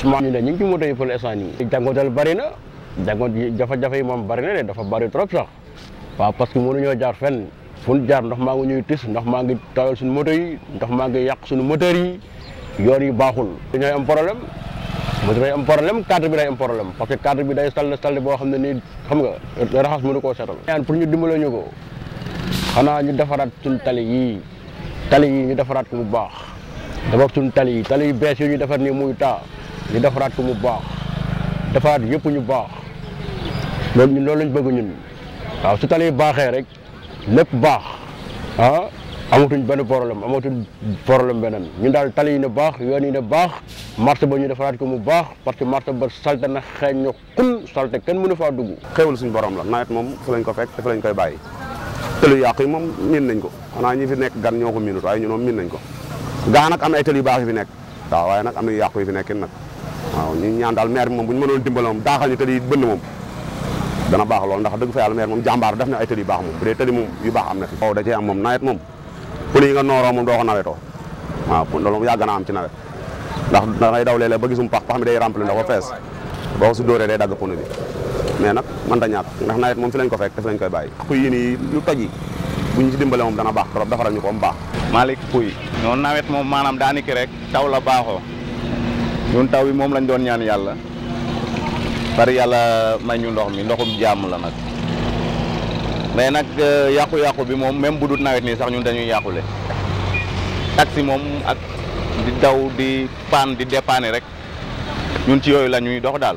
Ousmane ñu ne ñu ngi ci moto yi pour l'instant nii jàngotal na jàngoot jafe-jafe yi moom bëri na de dafa bëri trop sax waaw parce que mënuñoo jaar fenn fu ñu jaar ndox maa ngi ñuy tis ndox maa ngi tawal suñu moto ndox maa ngi yàq suñu moteur yi yoon yi baaxul dañooy am problème moto day am problème cadre bi day am problème parce que cadre bi day sall sall boo xam ne nii xam nga raxas mënu koo seetal ñaan pour ñu dimbale ñu ko xanaa ñu defaraat suñu tali yi tali yi ñu defaraat ko bu baax dafa suñu tali yi tali yu bees yi ñu defar nii muy taa ñu defaraat ko mu baax defaraat yëpp ñu baax loolu ñun loolu lañ bëgg ñun waaw su tali baaxee rek lépp baax ah amatuñ benn problème amatuñ problème beneen ñu daal tali yi ne baax yoon yi ne baax marché ba ñu defaraat ko mu baax parce que marché ba salte na xeeñ na xun salte kenn mënu faa dugg. xéwal suñu borom la nawet moom fu ko fek te fu lañ koy bàyyi tëlu yàq yi moom miin nañ ko xanaa ñi fi nekk gan ñoo ko miinut waaye ñun moom miin nañ ko gaa nag am ay baax yu fi nekk waaw waaye nag am na yu yàqu yu fi nekkin nag. waaw ñu ñaan daal maire bi moom bu ñu mënoon dimbale moom daaxal ñu tëli yi bënn moom dana baax lool ndax dëgg fa yàlla maire moom jàmbaar def na ay tëli yu baax moom bu dee tëli moom yu baax am na fi waaw da am moom yi nga nooroo na am ci nawet ndax daw léeg-léeg ba gisum pax pax mi day rempli ndox ba fees boo si dóoree day dagg pneu bi mais nag man ta ñàkk ndax nawet moom fi lañ ko fekk daf lañ koy bàyyi xuy yi nii lu toj bu ñu ci dimbale moom dana baax trop dafaral ñu ko mu baax Malick Pouy ñoo nawet moom maanaam daaniki rek taw la baaxoo ñun taw bi moom lañ doon ñaan yàlla bari yàlla may ñu ndox mi ndoxum jàmm la nag mais nag euh, yàqu-yàqu bi moom même bu dul nawet nii sax ñun dañuy yàqule taxi moom ak di taw di paan di dépanner rek ñun ci yooyu la ñuy dox daal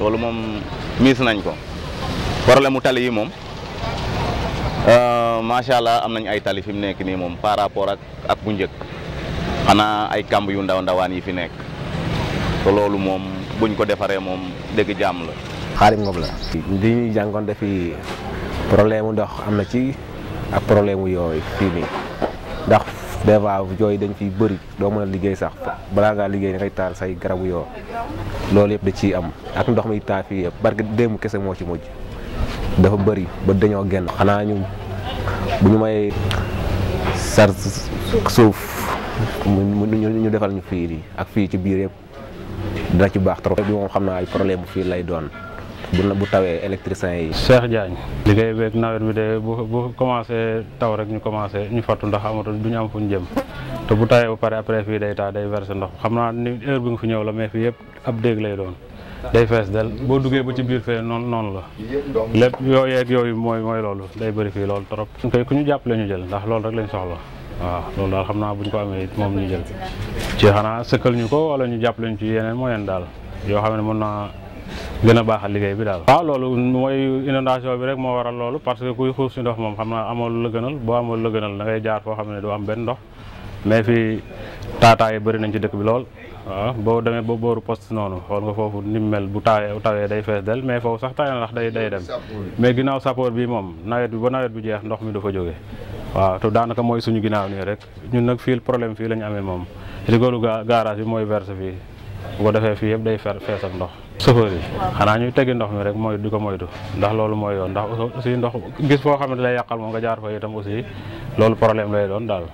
loolu moom miis nañ ko problème mu tali yi moom euh, macha allah am nañ ay tali fi mu nekk nii moom par rapport ak ak bu njëkk xanaa ay kamb yu ndaw ndawaan yi fi nekk te loolu moom buñ ko defaree moom dégg jàmm la. Xaadim Ngom la. di ñuy jàngoon dafi problème mu ndox am na ci ak problème mu yooyu fii nii ndax des fois jooy dañ fiy bëri doo mën a liggéey sax balaa ngaa liggéey da ngay taal say garabu yoo loolu yëpp da ciy am ak ndox mi taal fii yëpp parce que démb kese moo ci mujj dafa bari ba dañoo génn xanaa ñu bu ñu may sar suuf ñu defal ñu fii nii ak fii ci biir yëpp. dina ci baax trop. bi moom xam naa ay problème bu fii lay doon bu bu tawee électricien yi. Cheikh Diagne liggéey beeg nawet bi de bu bu commencé taw rek ñu commencé ñu fattu ndax amatul du ñu am fu ñu jëm te bu tawee bu pare après fii day taa day versé ndox xam naa ni heure bi nga fi ñëw la mais fii yëpp ab déeg lay doon. day fees del boo duggee ba ci biir fee noonu noonu la lépp yooyu ak yooyu mooy mooy loolu day bëri fii loolu trop. kay ku ñu jàppale ñu jël ndax loolu rek lañ soxla. waaw ah, loolu daal xam naa buñ ko amee it moom ñu jël ci xanaa sëkkal ñu ko wala ñu jàpp ñu ci yeneen moyen daal yoo xam ne mën naa gën a baaxal liggéey bi daal waaw ah, loolu mooy inondation bi rek moo waral loolu parce que kuy xuus si ndox xam naa amoon la gënal boo amoon la gënal da ngay jaar foo xam ne doo am benn ndox mais fii taataay yi bëri nañ ci dëkk bi lool waaw ah, boo demee ba booru post noonu xool nga foofu ni mu mel bu tawee bu tawee day fees del mais foofu sax tawee na ndax day day dem mais ginnaaw sappoor bii moom nawet bi ba nawet bi jeex ndox mi du fa waaw te daanaka mooy suñu ginaaw nii rek ñun nag fii problème fii lañu amee moom rigolu garage bi mooy verse fii bu ko defee fii yëpp day fer fees ak ndox chauffeur yi xanaa ñuy teggi ndox mi rek mooy di ko moytu ndax loolu mooy yoon ndax aussi ndox gis foo xam ne lay yàqal moom nga jaar fa itam aussi loolu problème lay doon daal